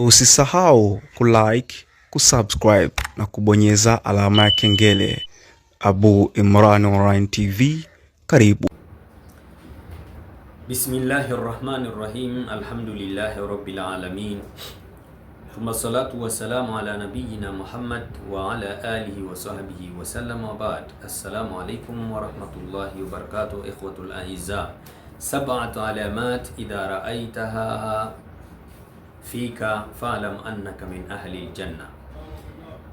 Usisahau kulike, kusubscribe na kubonyeza alama ya kengele. Abu Imran Online TV, karibu. Bismillahi rahmani rahim, alhamdulillahi rabbil alamin, thumma salatu wassalamu ala nabiyina Muhammad wa ala alihi wa sahbihi wa sallam, wa baad. Assalamu alaykum wa rahmatullahi wa barakatuh, ikhwatul aizza. Sab'at alamat idha ra'aytaha fika falam annaka min ahli ljanna.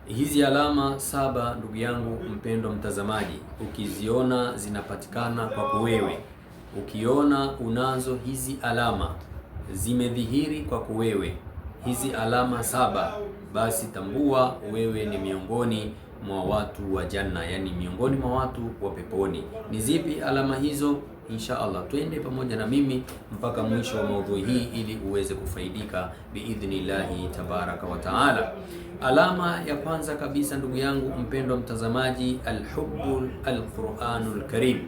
Hizi alama saba, ndugu yangu mpendwa mtazamaji, ukiziona zinapatikana kwako wewe, ukiona unazo hizi alama zimedhihiri kwako wewe, hizi alama saba, basi tambua wewe ni miongoni mwa watu wa janna, yani miongoni mwa watu wa peponi. Ni zipi alama hizo? insha Allah, twende pamoja na mimi mpaka mwisho wa maudhui hii ili uweze kufaidika biidhnillahi tabaraka wa taala. Alama ya kwanza kabisa, ndugu yangu mpendwa mtazamaji, alhubbul alquranul karim.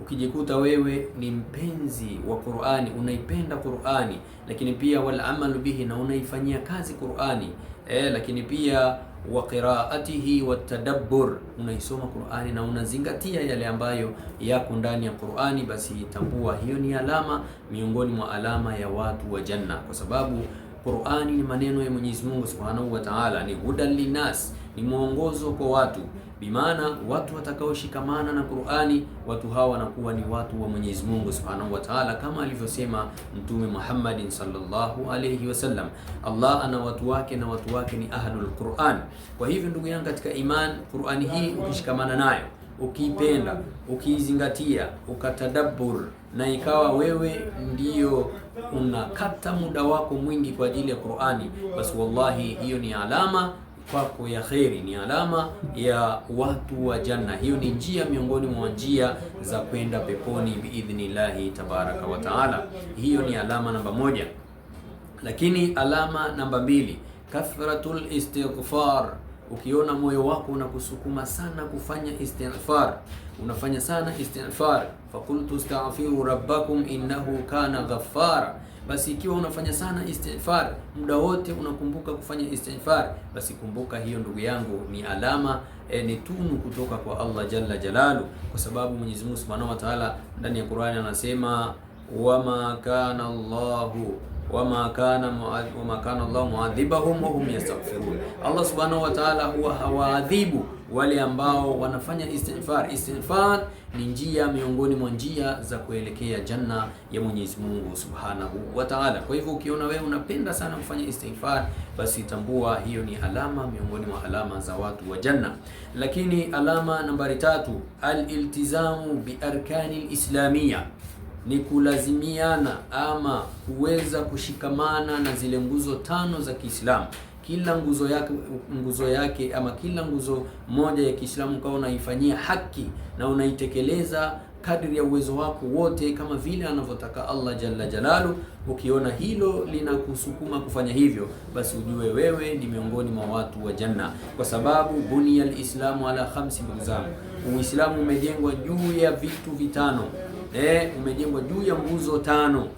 Ukijikuta wewe ni mpenzi wa Qurani, unaipenda Qurani, lakini pia wal amalu bihi, na unaifanyia kazi Qurani eh, lakini pia wa qiraatihi tadabbur, unaisoma Qur'ani na unazingatia yale ambayo yako ndani ya Qur'ani, basi tambua hiyo ni alama miongoni mwa alama ya watu wa janna, kwa sababu Qur'ani ni maneno ya Mwenyezi Mungu Subhanahu wa Ta'ala, ni hudan linnas, ni mwongozo kwa watu Bimaana watu watakaoshikamana na Qur'ani, watu hawa wanakuwa ni watu wa Mwenyezi Mungu Subhanahu wa Ta'ala, kama alivyosema Mtume Muhammadin sallallahu alayhi wasallam, Allah ana watu wake na watu wake ni ahlul Qur'an. Kwa hivyo ndugu yangu katika iman, Qur'ani hii ukishikamana nayo, ukiipenda, ukiizingatia, ukatadabbur na ikawa wewe ndiyo unakata muda wako mwingi kwa ajili ya Qur'ani, basi wallahi hiyo ni alama kwako ya kheri, ni alama ya watu wa janna. Hiyo ni njia miongoni mwa njia za kwenda peponi biidhnillahi tabaraka wa taala. Hiyo ni alama namba moja, lakini alama namba mbili kathratul istighfar Ukiona moyo wako unakusukuma sana kufanya istighfar, unafanya sana istighfar, fakultu astaghfiru rabbakum innahu kana ghaffara basi ikiwa unafanya sana istighfar, muda wote unakumbuka kufanya istighfar, basi kumbuka hiyo, ndugu yangu, ni alama e, ni tunu kutoka kwa Allah jalla jalalu, kwa sababu Mwenyezi Mungu subhanahu wa taala ndani ya Qur'ani anasema wama kana Allahu wama kana wama kana Allah muadhibahum wa hum yastaghfirun. Allah subhanahu wa ta'ala huwa hawaadhibu wale ambao wanafanya istighfar. Istighfar ni njia miongoni mwa njia za kuelekea janna ya Mwenyezi Mungu Subhanahu wa Ta'ala. Kwa hivyo ukiona wewe unapenda sana kufanya istighfar, basi tambua hiyo ni alama miongoni mwa alama za watu wa janna. Lakini alama nambari tatu, al-iltizamu bi al-islamiyah ni kulazimiana ama kuweza kushikamana na zile nguzo tano za Kiislamu. Kila nguzo yake nguzo yake ama kila nguzo moja ya Kiislamu ukawa unaifanyia haki na unaitekeleza kadri ya uwezo wako wote, kama vile anavyotaka Allah jalla jalalu. Ukiona hilo linakusukuma kufanya hivyo, basi ujue wewe ni miongoni mwa watu wa janna, kwa sababu bunia lislamu ala khamsi. Ndugu zangu, Uislamu umejengwa juu ya vitu vitano eh, umejengwa juu ya nguzo tano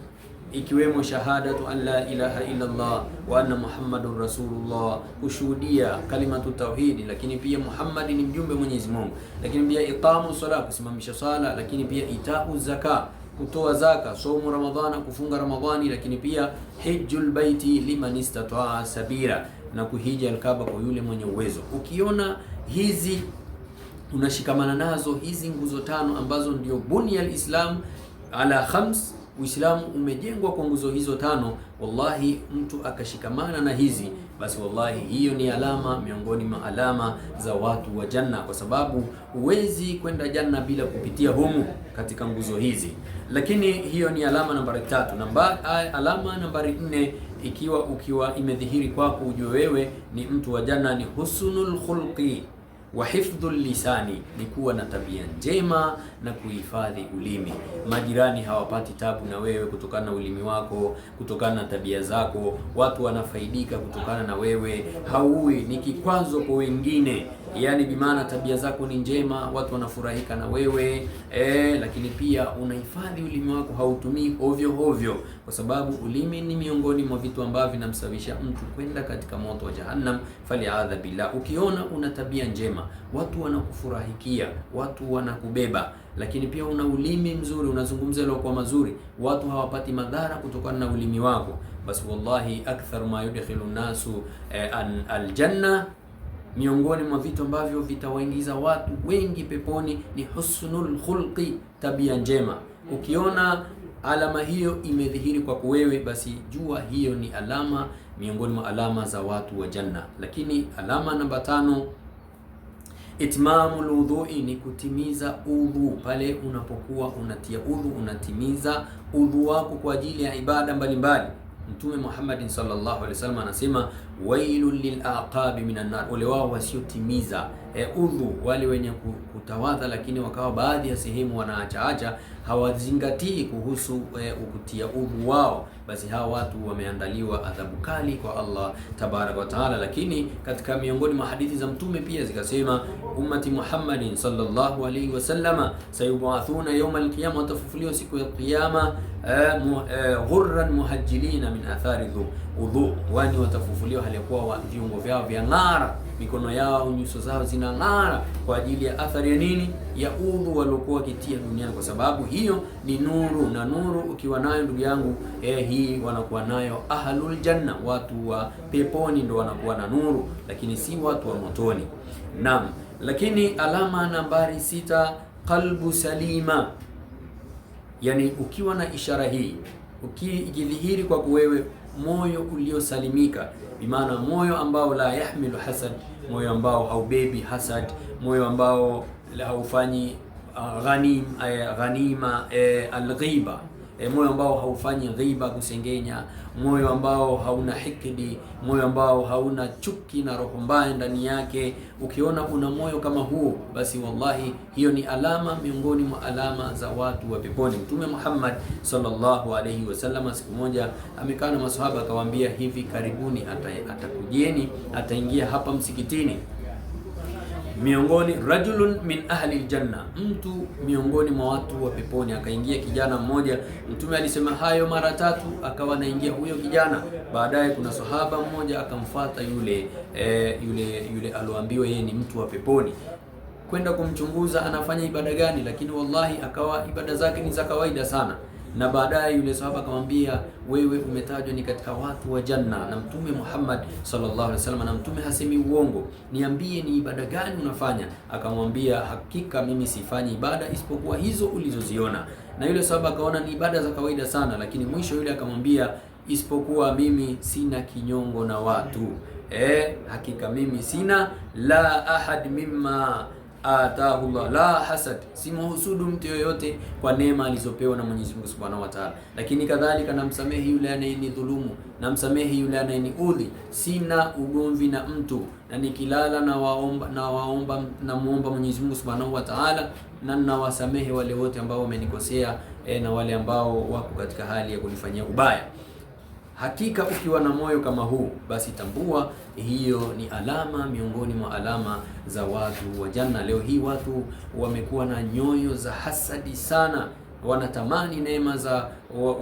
ikiwemo shahadatu an la ilaha illa Allah wa anna muhammadun rasulullah, kushuhudia kalimatu tauhidi, lakini pia Muhammad ni mjumbe Mwenyezi Mungu, lakini pia itamu sala, kusimamisha sala, lakini pia itau zaka, kutoa zaka, somu Ramadhana, kufunga Ramadhani, lakini pia hijjul baiti liman istataa sabira, na kuhija Alkaba kwa yule mwenye uwezo. Ukiona hizi tunashikamana nazo hizi nguzo tano ambazo ndio buni ya Islam ala khams. Uislamu umejengwa kwa nguzo hizo tano. Wallahi, mtu akashikamana na hizi basi, wallahi hiyo ni alama miongoni mwa alama za watu wa janna, kwa sababu huwezi kwenda janna bila kupitia humu katika nguzo hizi. Lakini hiyo ni alama nambari tatu. Namba, alama nambari nne ikiwa ukiwa imedhihiri kwako, ujue wewe ni mtu wa janna ni husnul khulqi wa hifdhu lisani ni kuwa na tabia njema na kuhifadhi ulimi. Majirani hawapati tabu na wewe kutokana na ulimi wako, kutokana na tabia zako. Watu wanafaidika kutokana na wewe, hauwi, ni kikwazo kwa wengine yaani bimaana tabia zako ni njema, watu wanafurahika na wewe e, lakini pia unahifadhi ulimi wako, hautumii ovyo ovyo, kwa sababu ulimi ni miongoni mwa vitu ambavyo vinamsababisha mtu kwenda katika moto wa Jahannam. adha billah, ukiona una tabia njema, watu wanakufurahikia, watu wanakubeba lakini pia una ulimi mzuri, unazungumza kwa mazuri, watu hawapati madhara kutokana na ulimi wako, basi wallahi akthar ma yudkhilu nasu eh, aljanna Miongoni mwa vitu ambavyo vitawaingiza watu wengi peponi ni husnul khulqi, tabia njema. Ukiona alama hiyo imedhihiri kwako wewe, basi jua hiyo ni alama miongoni mwa alama za watu wa janna. Lakini alama namba tano, itmamul udhui, ni kutimiza udhu. Pale unapokuwa unatia udhu, unatimiza udhu wako kwa ajili ya ibada mbalimbali mbali. Mtume Muhammad sallallahu alaihi wasallam anasema wailul lil aqabi minan nar, wale wao wasiotimiza e, udhu wale wenye kutawadha, lakini wakawa baadhi ya sehemu wanaachaacha, hawazingatii kuhusu e, ukutia umu wao, basi hawa watu wameandaliwa adhabu kali kwa Allah tabaraka wa taala. Lakini katika miongoni mwa hadithi za Mtume pia zikasema, ummati Muhammadin sallallahu alaihi wasallama sayubathuna yauma alqiyama, watafufuliwa siku ya Kiyama e, mu, e, ghurran muhajjilina min athari dhum udhu, wani watafufuliwa hali ya kuwa viungo vyao vya ng'ara, mikono yao nyuso zao zina ng'ara, kwa ajili ya athari ya nini? Ya udhu waliokuwa wakitia duniani, kwa sababu hiyo ni nuru, na nuru ukiwa nayo ndugu yangu eh, hii wanakuwa nayo ahlul janna, watu wa peponi ndo wanakuwa na nuru, lakini si watu wa motoni. Naam, lakini alama nambari sita, qalbu salima, yani ukiwa na ishara hii ukijidhihiri kwako wewe moyo uliosalimika, maana moyo ambao la yahmilu hasad, moyo ambao haubebi hasad, moyo ambao haufanyi uh, ghanim, uh, ghanima uh, alghiba E, moyo ambao haufanyi dhiba kusengenya, moyo ambao hauna hikidi, moyo ambao hauna chuki na roho mbaya ndani yake. Ukiona una moyo kama huo, basi wallahi hiyo ni alama miongoni mwa alama za watu wa peponi. Mtume Muhammad sallallahu alayhi wasallam siku moja amekaa na maswahaba akawaambia, hivi karibuni atakujieni, ataingia hapa msikitini miongoni rajulun min ahli aljanna, mtu miongoni mwa watu wa peponi. Akaingia kijana mmoja, mtume alisema hayo mara tatu, akawa anaingia huyo kijana. Baadaye kuna sahaba mmoja akamfuata yule e, yule yule aloambiwa yeye ni mtu wa peponi kwenda kumchunguza anafanya ibada gani, lakini wallahi akawa ibada zake ni za kawaida sana na baadaye yule sahaba akamwambia, wewe umetajwa ni katika watu wa janna na Mtume Muhammad sallallahu alaihi wasallam, na mtume hasemi uongo, niambie ni ibada gani unafanya? Akamwambia, hakika mimi sifanyi ibada isipokuwa hizo ulizoziona. Na yule sahaba akaona ni ibada za kawaida sana, lakini mwisho yule akamwambia, isipokuwa mimi sina kinyongo na watu. Eh, hakika mimi sina la ahad mimma atahullah la hasad, simuhusudu mtu yoyote kwa neema alizopewa na Mwenyezi Mungu Subhanahu wa Ta'ala. Lakini kadhalika namsamehi yule anayenidhulumu, namsamehi yule anayeniudhi, sina ugomvi na mtu, na nikilala na waomba na waomba na muomba Mwenyezi Mungu Subhanahu wa Ta'ala, na nawasamehe wale wote ambao wamenikosea, e, na wale ambao wako katika hali ya kunifanyia ubaya. Hakika ukiwa na moyo kama huu, basi tambua hiyo ni alama miongoni mwa alama za watu wa janna. Leo hii watu wamekuwa na nyoyo za hasadi sana, wanatamani neema za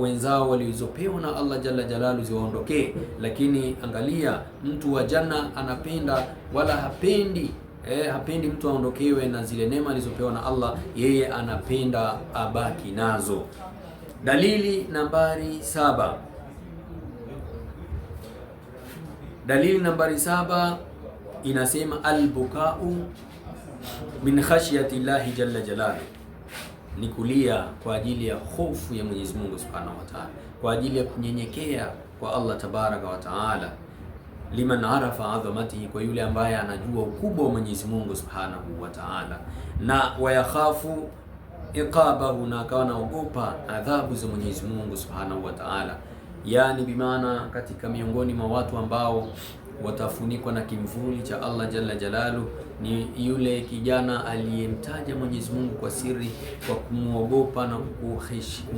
wenzao walizopewa na Allah jalla jalalu ziwaondokee, lakini angalia, mtu wa janna anapenda wala hapendi E, hapendi mtu aondokewe na zile neema alizopewa na Allah, yeye anapenda abaki nazo. Dalili nambari saba Dalili nambari saba inasema albukau min khashyati llahi jalla jalaluhu, ni kulia kwa ajili ya hofu ya Mwenyezi Mungu subhanahu wa taala, kwa ajili ya kunyenyekea kwa Allah tabaraka wa taala. Liman arafa adhamatihi, kwa yule ambaye anajua ukubwa wa Mwenyezi Mungu subhanahu wa taala, na wayakhafu iqabahu, na akawa naogopa adhabu za Mwenyezi Mungu subhanahu wa taala yaani bimaana katika miongoni mwa watu ambao watafunikwa na kimvuli cha Allah jalla jalalu ni yule kijana aliyemtaja Mwenyezi Mungu kwa siri kwa kumwogopa na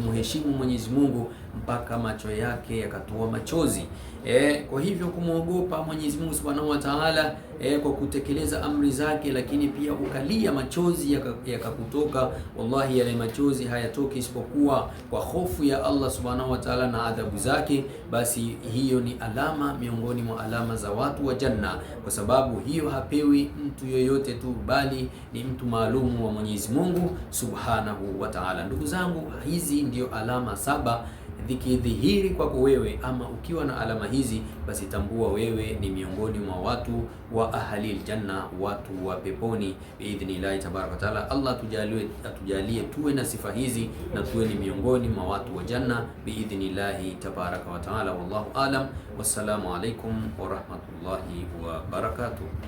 kumheshimu Mwenyezi Mungu mpaka macho yake yakatoa machozi. E, kwa hivyo kumwogopa Mwenyezi Mungu Subhanahu wa Ta'ala e, kwa kutekeleza amri zake, lakini pia ukalia machozi yakakutoka yaka, wallahi yale machozi hayatoki isipokuwa kwa hofu ya Allah Subhanahu wa Ta'ala na adhabu zake, basi hiyo ni alama miongoni mwa alama za watu wa janna, kwa sababu hiyo hapewi mtu yoyote tu, bali ni mtu maalumu wa Mwenyezi Mungu Subhanahu wa Ta'ala. Ndugu zangu, hizi ndio alama saba zikidhihiri kwako wewe ama ukiwa na alama hizi, basi tambua wewe ni miongoni mwa watu wa ahlil janna, watu wa peponi biidhnillahi tabaraka wa taala. Allah tujalie, atujalie tuwe na sifa hizi na tuwe ni miongoni mwa watu wa janna biidhnillahi tabaraka wa taala. Wallahu alam, wassalamu alaikum wa rahmatullahi wa barakatuh.